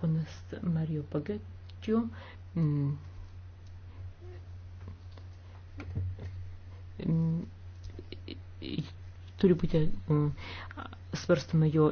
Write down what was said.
ponas Mario Pagetio. Mm, mm, turi būti mm, svarstama jo